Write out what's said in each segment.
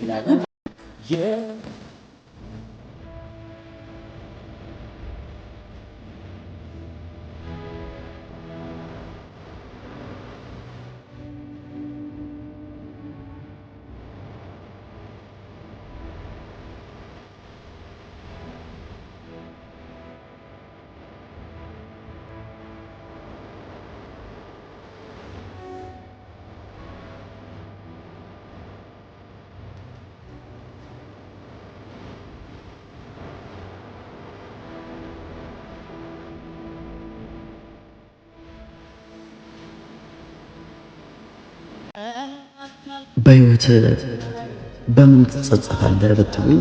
ይላል። በህይወት በምን ትጸጸታለህ ብትሉኝ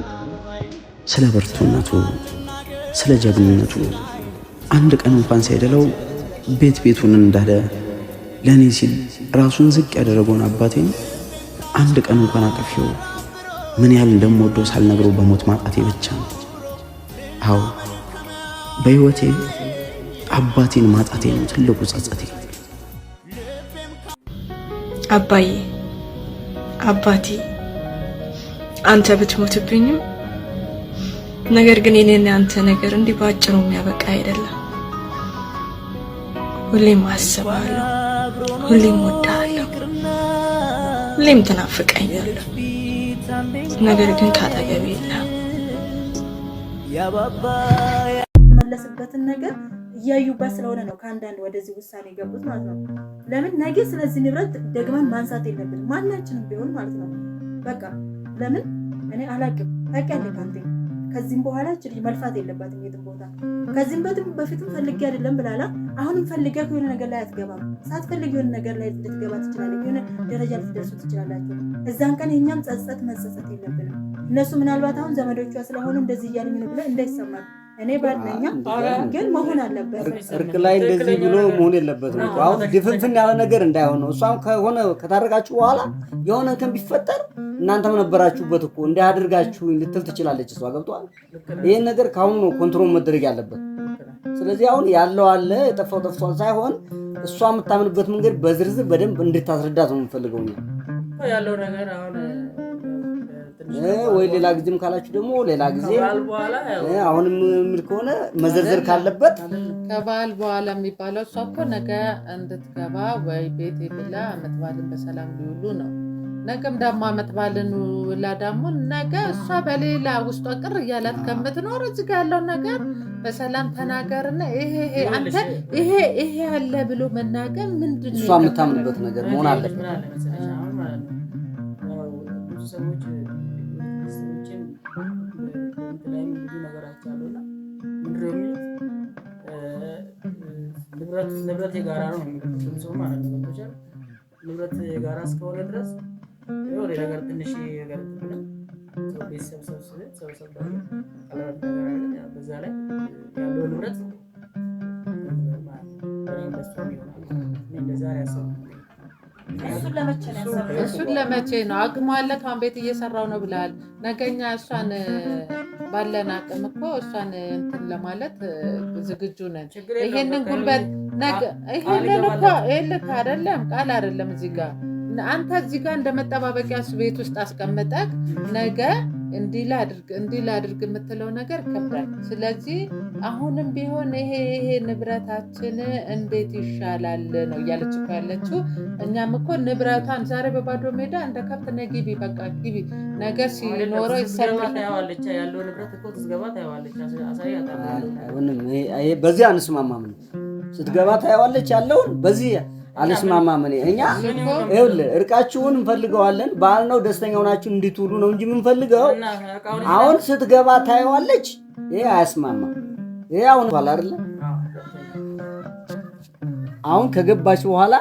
ስለ ብርቱነቱ ስለ ጀግንነቱ አንድ ቀን እንኳን ሳይደለው ቤት ቤቱን እንዳለ ለእኔ ሲል ራሱን ዝቅ ያደረገውን አባቴን አንድ ቀን እንኳን አቀፌው ምን ያህል እንደምወደው ሳልነግረው በሞት ማጣቴ ብቻ ነው። አዎ በህይወቴ አባቴን ማጣቴ ነው ትልቁ ጸጸቴ። አባዬ አባቴ አንተ ብትሞትብኝም ነገር ግን የኔና አንተ ነገር እንዲህ ባጭሩ የሚያበቃ አይደለም። ሁሌም አስባለሁ፣ ሁሌም ወዳለሁ፣ ሁሌም ትናፍቀኛለህ። ነገር ግን ካጠገብ የለም መለስበትን ነገር እያዩባት ስለሆነ ነው ከአንዳንድ ወደዚህ ውሳኔ የገቡት ማለት ነው። ለምን ነገ ስለዚህ ንብረት ደግመን ማንሳት የለብን ማናችንም ቢሆን ማለት ነው። በቃ ለምን እኔ አላቅም ታውቂያለሽ፣ ካንቴ ከዚህም በኋላ ችል መልፋት የለባትም የትም ቦታ። ከዚህም በትም በፊትም ፈልጌ አይደለም ብላላ፣ አሁንም ፈልገ የሆነ ነገር ላይ አትገባም። ሳትፈልግ የሆነ ነገር ላይ ልትገባ ትችላለች፣ የሆነ ደረጃ ልትደርሱ ትችላላችሁ። እዛን ቀን የእኛም ጸጸት መጸጸት የለብንም። እነሱ ምናልባት አሁን ዘመዶቿ ስለሆኑ እንደዚህ እያለኝ ነው ብለ እንዳይሰማል እኔ ባልነኛ ግን መሆን አለበት። እርቅ ላይ እንደዚህ ብሎ መሆን የለበትም። አሁን ድፍንፍን ያለ ነገር እንዳይሆን ነው። እሷም ከሆነ ከታረቃችሁ በኋላ የሆነ እንትን ቢፈጠር እናንተም ነበራችሁበት እኮ እንዳያደርጋችሁ ልትል ትችላለች። እሷ ገብቷል። ይህን ነገር ከአሁኑ ነው ኮንትሮል መደረግ ያለበት። ስለዚህ አሁን ያለው አለ የጠፋው ጠፍቷል ሳይሆን እሷ የምታምንበት መንገድ በዝርዝር በደንብ እንድታስረዳት ነው የምንፈልገው ያለው ነገር አሁን ወይ ሌላ ጊዜም ካላችሁ ደግሞ ሌላ ጊዜ አሁንም የሚል ከሆነ መዘርዘር ካለበት ከበዓል በኋላ የሚባለው እሷ እኮ ነገ እንድትገባ ወይ ቤት ብላ አመት በዓልን በሰላም ሊውሉ ነው። ነገም ደግሞ አመት በዓልን ውላ ደግሞ ነገ እሷ በሌላ ውስጧ ቅር እያላት ከምትኖር እዚህ ጋ ያለው ነገር በሰላም ተናገርና ይሄ አንተ ይሄ ይሄ አለ ብሎ መናገር ምንድን ነው እሷ የምታምንበት ነገር መሆን አለበት። ንብረት የጋራ ነው የሚሉትም ሰው ማለት ነው። ንብረት የጋራ እስከሆነ ድረስ የሆነ ነገር ትንሽ ነገር ቤተሰብ ሰብስብ ሰብሰብ በዛ ላይ ያለው ንብረት ማለት ነው። እንደዛ ያሰቡ እሱን ለመቼ ነው አቅሙ አለ። አሁን ቤት እየሰራው ነው ብለሃል። ነገኛ እሷን ባለን አቅም እኮ እሷን እንትን ለማለት ዝግጁ ነን። ይሄንን ጉልበት ይሄንን እኮ ይልክ አደለም ቃል አደለም እዚህ ጋር አንተ እዚህ ጋር እንደ መጠባበቂያ ቤት ውስጥ አስቀምጠቅ ነገ እንዲህ ላድርግ የምትለው ነገር ከብዳል። ስለዚህ አሁንም ቢሆን ይሄ ይሄ ንብረታችን እንዴት ይሻላል ነው እያለች እኮ ያለችው። እኛም እኮ ንብረቷን ዛሬ በባዶ ሜዳ እንደ ከብት ነ ግቢ በቃ ግቢ፣ ነገ ሲኖረው ይሰማታዋለች። ያለው ንብረት እኮ ትዝገባ በዚህ አንስማማም ነው ስትገባ ታየዋለች ያለውን በዚህ አልስማማም። እኔ እኛ ይኸውልህ እርቃችሁን እንፈልገዋለን። በዓል ነው፣ ደስተኛ ሆናችሁ እንድትውሉ ነው እንጂ የምንፈልገው። አሁን ስትገባ ታየዋለች። ይሄ አያስማማም። ይሄ አሁን አይደለ አሁን ከገባች በኋላ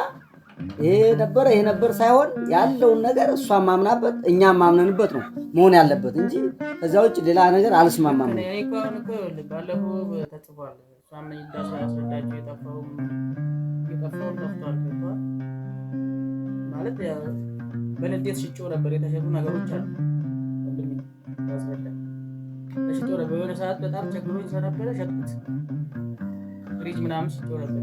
ይሄ ነበረ ይሄ ነበር ሳይሆን ያለውን ነገር እሷ ማምናበት እኛ ማምነንበት ነው መሆን ያለበት እንጂ ከዛ ውጭ ሌላ ነገር አልስማማም ነው። ባለፈው ተጽፏል ከፍተው ከፍተዋል ከፍተዋል ማለት በንዴት ሽጬው ነበር። የተሸጡ ነገሮች አሉ ወንድሜ ተሽጦ ነበር። በሆነ ሰዓት በጣም ቸግሮኝ ስለነበረ ሸጥኩት። ፍሪጅ ምናምን ሽጦ ነበር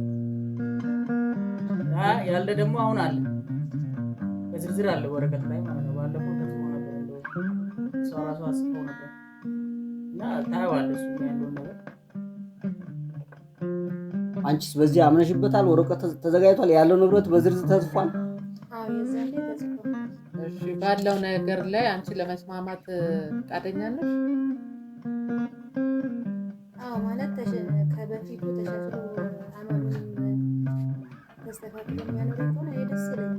ያለ ደግሞ አሁን አለ በዝርዝር አለ ወረቀት ላይ ማለት ነው። ባለፈው ተጽፎ ነበር ሰው ራሱ አስበው ነበር እና ታየዋለህ እሱ ያለውን ነገር አንቺስ በዚህ አምነሽበታል? ወረቀት ተዘጋጅቷል? ያለው ንብረት በዝርዝር ተጽፏል? ባለው ነገር ላይ አንቺ ለመስማማት ፈቃደኛ ነሽ? ማለት ከበፊቱ ተሻሽሎ አመት ተስተካክሎ የሚያኖር ከሆነ ደስ ይለኛል።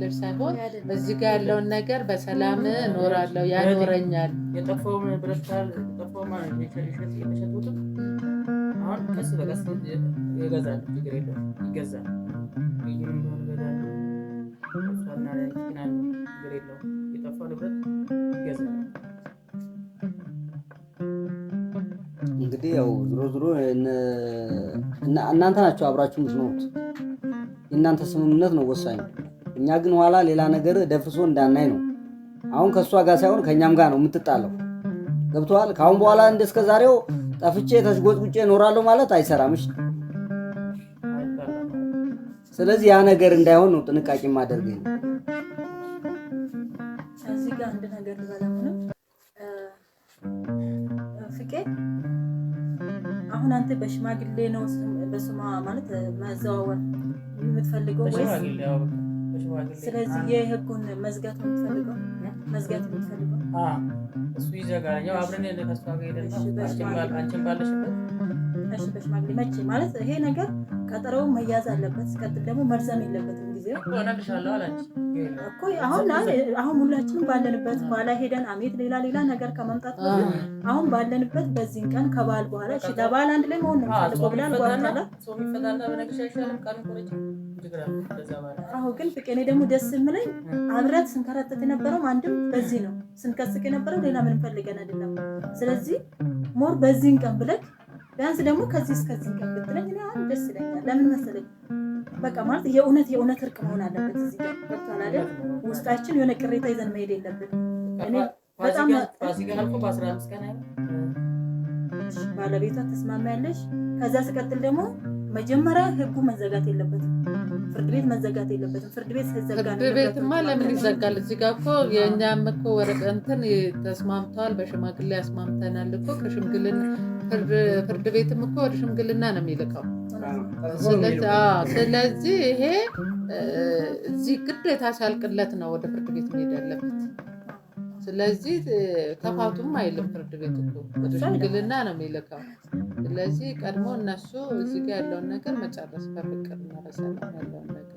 ልብ ሳይሆን እዚህ ጋር ያለውን ነገር በሰላም እኖራለሁ፣ ያኖረኛል። እንግዲህ ያው ዝሮ ዝሮ እናንተ ናቸው አብራችሁ የምትኖሩት። የእናንተ ስምምነት ነው ወሳኝ። እኛ ግን ኋላ ሌላ ነገር ደፍሶ እንዳናይ ነው። አሁን ከእሷ ጋር ሳይሆን ከእኛም ጋር ነው የምትጣለው። ገብተዋል። ከአሁን በኋላ እንደ እስከ ዛሬው ጠፍቼ ተሽጎጥጉጬ እኖራለሁ ማለት አይሰራም። እሺ። ስለዚህ ያ ነገር እንዳይሆን ነው ጥንቃቄ ማደርግ ነው። እዚህ ጋር አንድ ነገር ልበላሁንም ፍቄ፣ አሁን አንተ በሽማግሌ ነው በስሟ ማለት መዘዋወር የምትፈልገው ወይስ ስለዚህ የህጉን መዝጋት የምትፈልገው መዝጋት የምትፈልገው እሱ ይዘጋል። ያው አብረን ከሷ ጋር ሄደን አንቺን ባለሽበት እሺ፣ በሽማግሌ መቼ ማለት ይሄ ነገር ቀጠሮው መያዝ አለበት። ሲቀጥል ደግሞ መርዘም የለበትም። ጊዜ አሁን ሁላችንም ባለንበት በኋላ ሄደን አሜት ሌላ ሌላ ነገር ከመምጣት አሁን ባለንበት በዚህን ቀን ከበዓል በኋላ እሺ ለበዓል አንድ ላይ መሆን ነው ብላን አሁን ግን ፍቄኔ ደግሞ ደስ የምለኝ አብረት ስንከረጥት የነበረው አንድም በዚህ ነው፣ ስንከስቅ የነበረው ሌላ ምን ፈልገን አይደለም። ስለዚህ ሞር በዚህን ቀን ብለህ ቢያንስ ደግሞ ከዚህ እስከዚህ ቀን ብትለኝ ደስ ይለኛል። ለምን መሰለኝ በቃ ማለት የእውነት የእውነት እርቅ መሆን አለበት። ጋር ውስጣችን የሆነ ቅሬታ ይዘን መሄድ የለብን። እኔ ተስማማ ባለቤቷ ከዛ ስቀጥል ደግሞ መጀመሪያ ህጉ መዘጋት የለበትም። ፍርድ ቤት መዘጋት የለበትም። ፍርድ ቤት ሲዘጋ ፍርድ ቤትማ ለምን ይዘጋል? እዚህ ጋር እኮ የእኛም እኮ ወረቀት እንትን ተስማምተዋል፣ በሽማግሌ ያስማምተናል እኮ ከሽምግልና ፍርድ ቤትም እኮ ወደ ሽምግልና ነው የሚልቀው ስለዚህ ይሄ እዚህ ግዴታ ሲያልቅለት ነው ወደ ፍርድ ቤት መሄድ ያለበት። ስለዚህ ተፋቱም አይልም ፍርድ ቤት እኮ ሽምግልና ነው የሚልከው። ስለዚህ ቀድሞ እነሱ እዚህ ጋር ያለውን ነገር መጨረስ በፍቅር መረሰላም ያለውን ነገር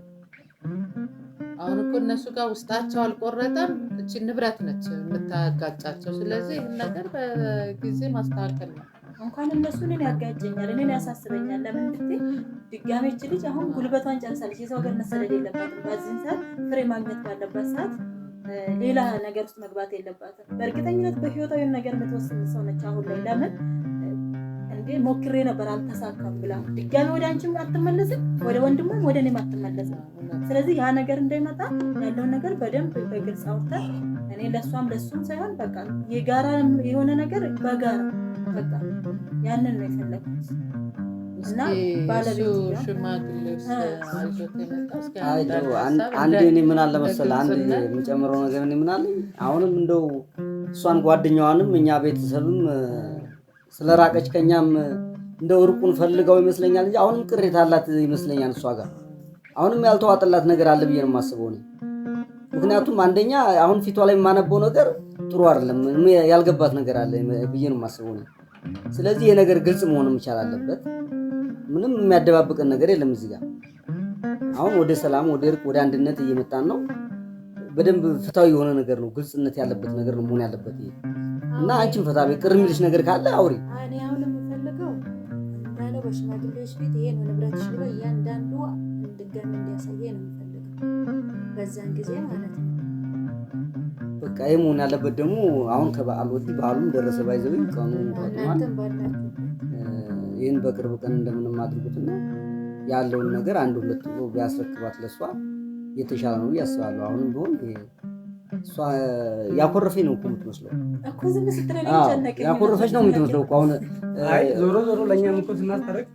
አሁን እኮ እነሱ ጋር ውስጣቸው አልቆረጠም። እቺ ንብረት ነች የምታጋጫቸው። ስለዚህ ይህን ነገር በጊዜ ማስተካከል ነው እንኳን እነሱ እኔን ያጋጨኛል፣ እኔን ያሳስበኛል። ለምን ብትይ ድጋሜች ልጅ አሁን ጉልበቷን ጨርሳለች። የሰው ሀገር መሰደድ የለባትም። በዚህን ሰዓት ፍሬ ማግኘት ባለባት ሰዓት ሌላ ነገር ውስጥ መግባት የለባትም። በእርግጠኝነት በህይወታዊ ነገር የምትወስን ሰው ነች። አሁን ላይ ለምን እንዴ ሞክሬ ነበር አልተሳካም ብላ ድጋሜ ወደ አንቺም አትመለስም፣ ወደ ወንድሟም ወደ እኔም አትመለስም። ስለዚህ ያ ነገር እንዳይመጣ ያለውን ነገር በደንብ በግልጽ አውርተን እኔ ለእሷም ለሱም ሳይሆን በቃ የጋራ የሆነ ነገር በጋራ በቃ ያንን ነው የፈለጉት። አንድ እኔ ምን አለ መሰለህ አንድ የሚጨምረው ነገር እኔ ምን አለኝ አሁንም እንደው እሷን ጓደኛዋንም እኛ ቤተሰብም ስለራቀች ከኛም እንደው እርቁን ፈልገው ይመስለኛል እንጂ አሁንም ቅሬታ አላት ይመስለኛል እሷ ጋር አሁንም ያልተዋጠላት ነገር አለ ብዬ ነው የማስበው እኔ። ምክንያቱም አንደኛ አሁን ፊቷ ላይ የማነበው ነገር ጥሩ አይደለም፣ ያልገባት ነገር አለ ብዬ ነው የማስበው እኔ። ስለዚህ ይሄ ነገር ግልጽ መሆን መቻል አለበት። ምንም የሚያደባብቀን ነገር የለም። እዚህ ጋር አሁን ወደ ሰላም፣ ወደ እርቅ፣ ወደ አንድነት እየመጣን ነው። በደንብ ፍታዊ የሆነ ነገር ነው፣ ግልጽነት ያለበት ነገር ነው መሆን ያለበት ይሄ እና አንቺም ፈታ ቤት ቅር የሚልሽ ነገር ካለ አውሪ። እኔ አሁን የምፈልገው እንዳለው በሽማግሌዎች ቤት ይሄ ነው ንብረትሽ ብሎ እያንዳንዱ እንድገም እንዲያሳየ ነው የምፈልገው በዛን ጊዜ ማለት ነው በቃ ይህ መሆን ያለበት ደግሞ አሁን ከበዓል ወዲህ በዓሉም ደረሰ ባይዘብኝ ቀኑ ጠቅሟል። ይህን በቅርብ ቀን እንደምንም አድርጉትና ያለውን ነገር አንድ ሁለት ቢያስረክባት ለሷ የተሻለ ነው ብዬ አስባለሁ። አሁንም ቢሆን ያኮረፈኝ ነው የምትመስለው፣ ያኮረፈች ነው የምትመስለው። አሁን ዞሮ ዞሮ ለእኛ እኮ ስናስታረቅ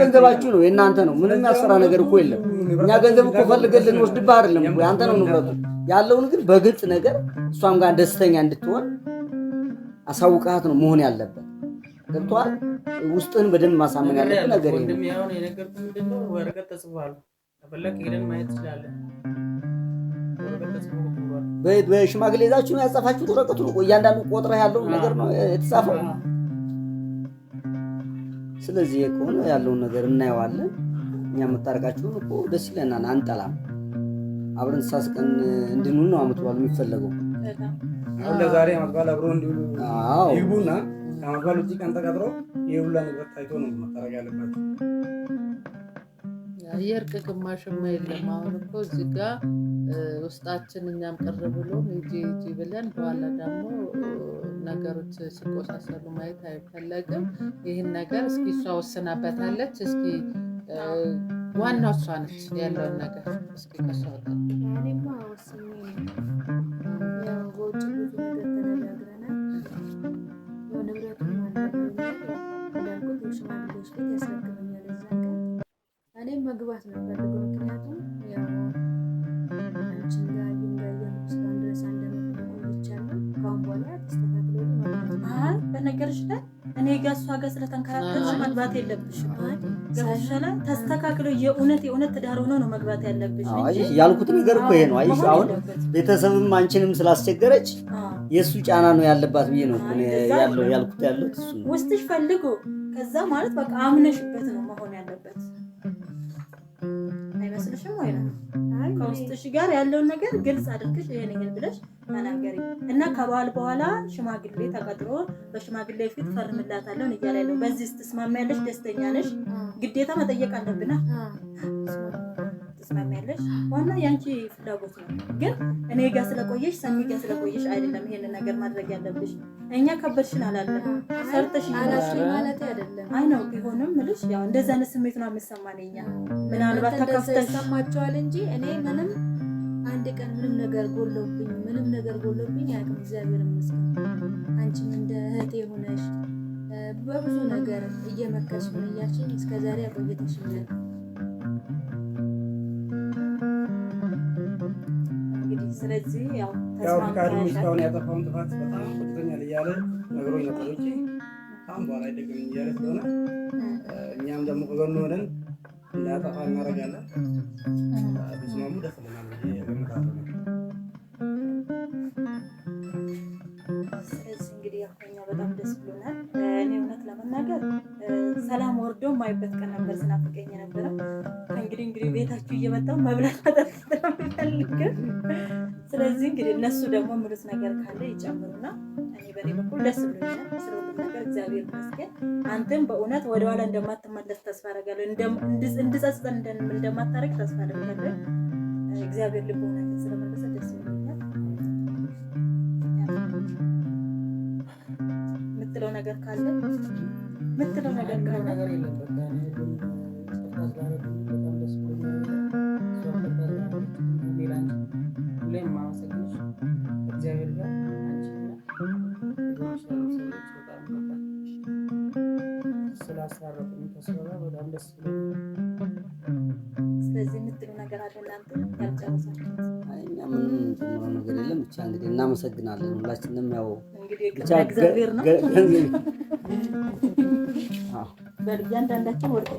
ገንዘባችሁ ነው የእናንተ ነው። ምንም ያሰራ ነገር እኮ የለም። እኛ ገንዘብ እኮ ፈልገን ልንወስድብህ አይደለም፣ አንተ ነው ንብረቱ። ያለውን ግን በግልጽ ነገር እሷም ጋር ደስተኛ እንድትሆን አሳውቃት ነው መሆን ያለበት። ገብቶሃል? ውስጥህን በደንብ ማሳመን ያለብህ ነገር ከፈለክ ሄደን ማየት ትችላለን። በሽማግሌ ይዛችሁ ነው ያጻፋችሁት ወረቀቱን? እያንዳንዱ ቆጥረ ያለው ነገር ነው የተጻፈው። ስለዚህ ከሆነ ያለውን ነገር እናየዋለን። እኛ የምታረቃችሁን እኮ ደስ ይለናል፣ አንጠላም። አብረን ሳስቀን እንድንሆን ነው አመት በዓሉ የሚፈለገው። አሁን ለዛሬ አመት በዓል አብሮ እንዲውሉ ይግቡና ከአመት በዓል ውጭ ቀን ተቀጥሮ ይህ ሁላ ነገር ታይቶ ነው መታረቅ ያለባቸው። የእርቅ ግማሽማ የለም። አሁን እኮ እዚህ ጋ ውስጣችን እኛም ቅር ብሎን ሂጂ ሂጂ ብለን በኋላ ደግሞ ነገሮች ሲቆሳሰሉ ማየት አይፈለግም። ይህን ነገር እስኪ እሷ ወስናበታለች። እስኪ ዋናው እሷ ነች ያለውን ነገር እስኪ ከሷ መስራት ነው የምፈልገው። ምክንያቱም ያው አንቺን ጋር እስካሁን ድረስ አንድ ከአሁን በኋላ ተስተካክሎ በነገርሽ ላይ እኔ ጋር እሷ ጋር ስለተንከራከርሽ መግባት የለብሽም። ተስተካክሎ የእውነት የእውነት ትዳር ሆኖ ነው መግባት ያለብሽ። ያልኩት ነገር እኮ ይሄ ነው። አየሽ አሁን ቤተሰብም አንቺንም ስላስቸገረች የእሱ ጫና ነው ያለባት ብዬ ነው ያልኩት። ያለት ውስጥሽ ፈልጎ ከዛ ማለት በቃ አምነሽበት ነው መሆን ያለበት አይመስልሽም ወይ ነው ከውስጥሽ ጋር ያለውን ነገር ግልጽ አድርግሽ ይሄን ነገር ብለሽ ተናገሪ እና ከበዓል በኋላ ሽማግሌ ተቀጥሮ በሽማግሌ ፊት ፈርምላታለሁ እያለ ነው። በዚህ ያለሽ ደስተኛ ነሽ? ግዴታ መጠየቅ አለብና ትስማሚያለሽ። ዋና የአንቺ ፍላጎት ነው። ግን እኔ ጋር ስለቆየሽ፣ ሰሚ ጋር ስለቆየሽ አይደለም ይሄን ነገር ማድረግ ያለብሽ። እኛ ከበድሽን አላለም ሰርተሽ ማለት አይደለም። አይ ነው ቢሆንም ምልሽ ያው እንደዚ አይነት ስሜት ነው የምሰማን እኛ። ምናልባት ተከፍተሽ ሰማቸዋል እንጂ እኔ ምንም አንድ ቀን ምንም ነገር ጎለብኝ ምንም ነገር ጎለብኝ ያቅም እግዚአብሔር ይመስገን። አንቺም እንደ እህቴ ሆነሽ በብዙ ነገር እየመከርሽን እያልሽኝ እስከዛሬ አቆየተሽኛል። ስለዚህ ያው ፍቃድ እስካሁን ያጠፋውን ጥፋት በጣም ቆጥቶኛል እያለ ነግሮኝ ነበር። ውጭ በጣም በኋላ አይደግም እያለ ስለሆነ እኛም ደግሞ ከጎኑ ሆነን እንዳያጠፋ እናደርጋለን። ብዙማሙ ደስ ይለናል። ስለዚህ እንግዲህ ያው ከእኛ በጣም ደስ ብሎናል። እኔ እውነት ለመናገር ሰላም ወርዶ ማይበት ቀን ነበር ስናፍቀኝ ነበረ ነው መብላት መጠጥ ስለዚህ እንግዲህ እነሱ ደግሞ ምሉት ነገር ካለ ይጨምሩና እኔ በኔ በኩል ደስ ብሎኛል። ስለሁሉም ነገር እግዚአብሔር ይመስገን። አንተም በእውነት ወደኋላ እንደማትመለስ ተስፋ አደርጋለሁ። እንድጸጽጠን እንደማታረግ ተስፋ አደርጋለሁ። እግዚአብሔር ልቦና ስለመለሰ ደስ ብሎኛል። የምትለው ነገር ካለ የምትለው ነገር ካለ ነገር የለበት እናመሰግናለን። ሁላችንም ያው እያንዳንዳችን ወደ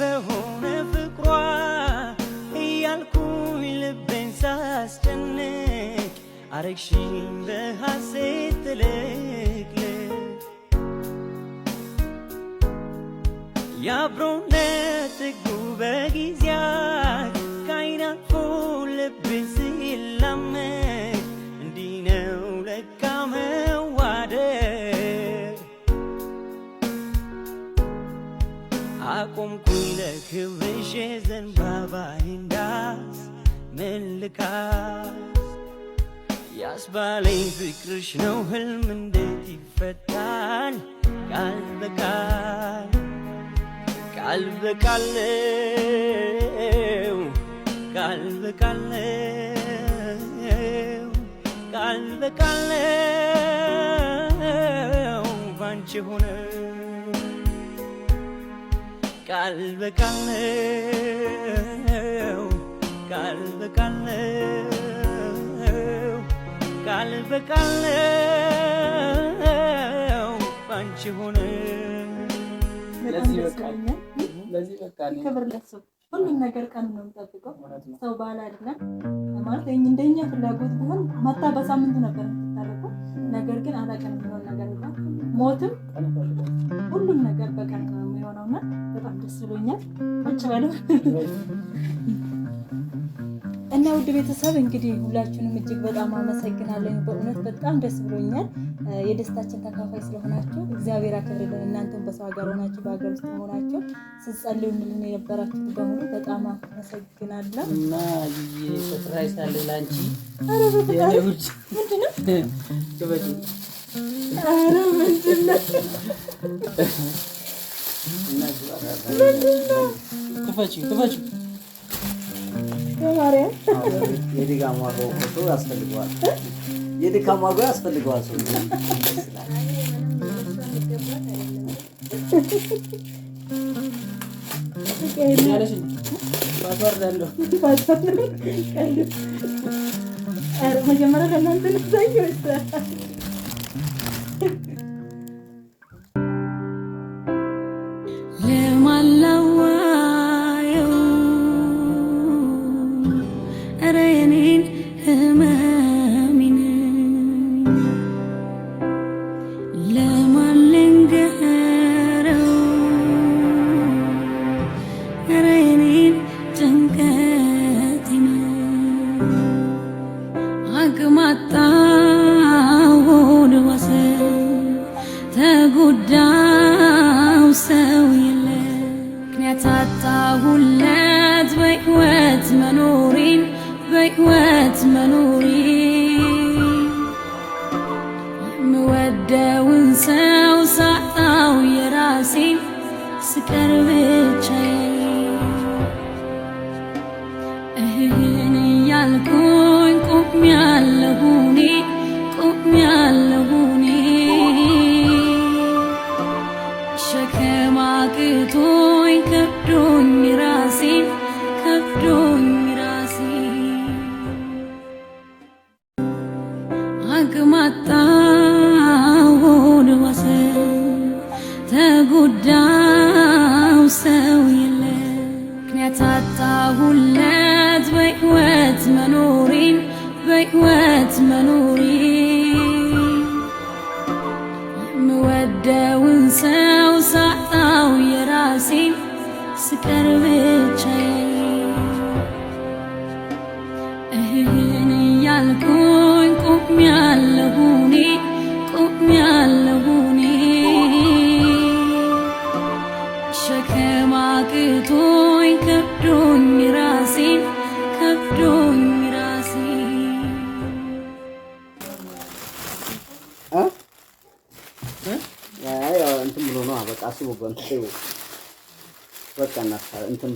በሆነ ፍቅሯ እያልኩኝ ልቤን ሳስጨንቅ አረግሽኝ በሐሴት ትልቅል የአብሮነት በዝጉ በጊዜያት ካይናፎ ልብን ሲላመድ እንዲህ ነው ለካ መዋደድ። አቆምኩኝ ለክብርሽ ዘንባባዬን እንዳስ መልካስ ያስባለኝ ፍቅርሽ ነው ህልም እንዴት ይፈታል ቃል በቃል ቃልበቃለው ቃልበቃለው ቃልበቃለው ባንቺ ሆነ ቃልበቃለው ቃልበቃለው ቃልበቃለው ባንቺ ሆነ ክብር ለሱ ሁሉም ነገር ቀን ነው የምጠብቀው። ሰው ባል አይደለም ማለት እንደኛ ፍላጎት ቢሆን መታ በሳምንቱ ነበር የምትታረቀው። ነገር ግን አላቀን የሚሆን ነገር ሞትም ሁሉም ነገር በቀን ነው የሚሆነውና በጣም ደስ ብሎኛል። ቁጭ በለው እና ውድ ቤተሰብ እንግዲህ ሁላችሁንም እጅግ በጣም አመሰግናለን በእውነት በጣም ደስ ብሎኛል። የደስታችን ተካፋይ ስለሆናችሁ እግዚአብሔር አክብርልን። እናንተም በሰው ሀገር ሆናችሁ በሀገር ውስጥ ሆናችሁ ስትጸልዩልን የነበራችሁ በሙሉ በጣም አመሰግናለሁ እና አለ ለአንቺ በማርያም የድካም ዋጋው እኮ ያስፈልገዋል። የድካም ዋጋው ያስፈልገዋል ሰው መጀመሪያ ከእናንተ ስቀር ብቻዬን እህህን እያልኩኝ ቁሚያ better.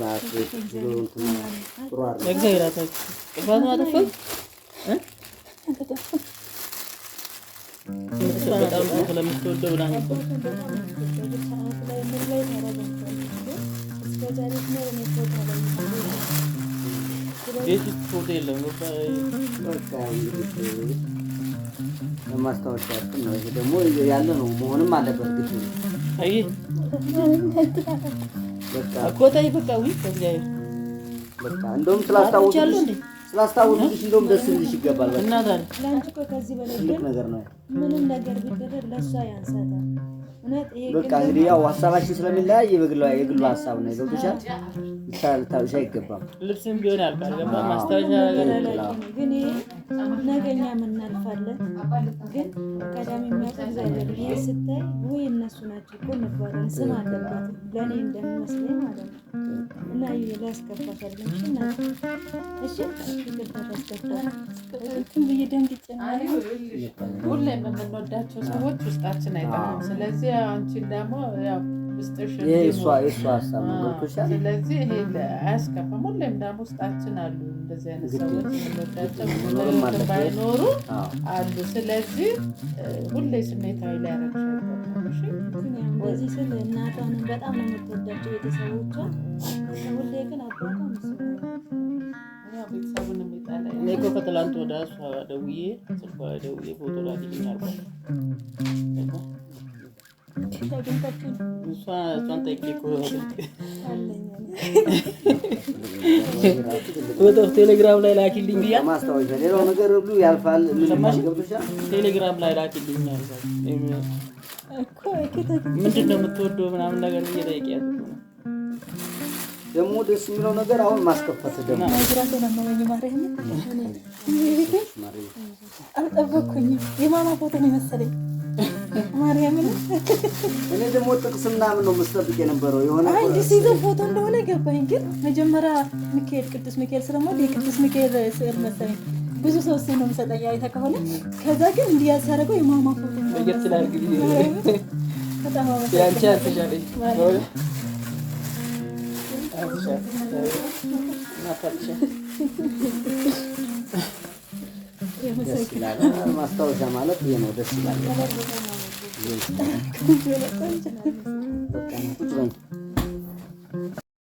ፎቶ የለም ነው። ይሄ ደግሞ ያለ ነው መሆንም አለበት ግድ በቃ ተይ በቃ ውይ በእግዚአብሔር እንደውም ስላስታወስኩሽ እንደውም ደስ ልልሽ ይገባል። እና ታዲያ ለአንቺ እኮ ከዚህ በላይ ነገር ነው። ምንም ነገር ቢደረግ ለእሷ ያንሳታል። በቃ እንግዲህ ያው ሀሳባችን ስለሚለያይ የግሉ ሀሳብ ነው። ገብቶሻል። ልታብሽ አይገባም። ልብስም ቢሆን ያልቃል። ግን ነገኛ የምናልፋለን። ግን ቀዳሚ የሚያቀዛለን ይህ ስታይ ወይ እነሱ ናቸው እኮ እንባለን። ስም አለባት ለእኔ እንደሚመስለኝ ማለት ነው። እና ላያስገባታለን። እሺ ብዬ ደንግጬ ነው። የምንወዳቸው ሰዎች ውስጣችን አይጠፋም። ስለዚህ አንቺን ደግሞ የእሷ ሀሳብ አሉ ስለዚህ ሁሌ ስሜታዊ ከትላንት ወደ እሷ ደውዬ ስልኳ ደውዬ ፎቶ ላኪልኝ አልኳት ቴሌግራም ላይ ላኪልኝ ብያ ማስታወቂያ ሌላው ነገር ሁሉ ያልፋል። ቴሌግራም ላይ ላኪልኝ ምንድን ነው የምትወደው ምናምን ነገር እየጠየቅያት ደግሞ ደስ የሚለው ነገር አሁን ማስከፈት ደግሞ አልጠበኩኝም። የማማ ፎቶ ነው የመሰለኝ ማርያምን እኔ ደግሞ ጥቅስ ምናምን ነው መስጠብቅ የነበረው የሆነ እንዲህ ሲይዘው ፎቶ እንደሆነ ገባኝ። ግን መጀመሪያ ሚካኤል ቅዱስ ሚካኤል ስለምወድ የቅዱስ ሚካኤል ስዕል መሰለኝ ብዙ ሰው እሱን ነው የምሰጠኝ አይተህ ከሆነ ከዛ ግን እንዲህ ያሳደረገው የማማ ፎቶ በጣም አመሰግናለሁ። ደስ ይላል። ማስታወሻ ማለት ይሄ ነው። ደስ ይላል።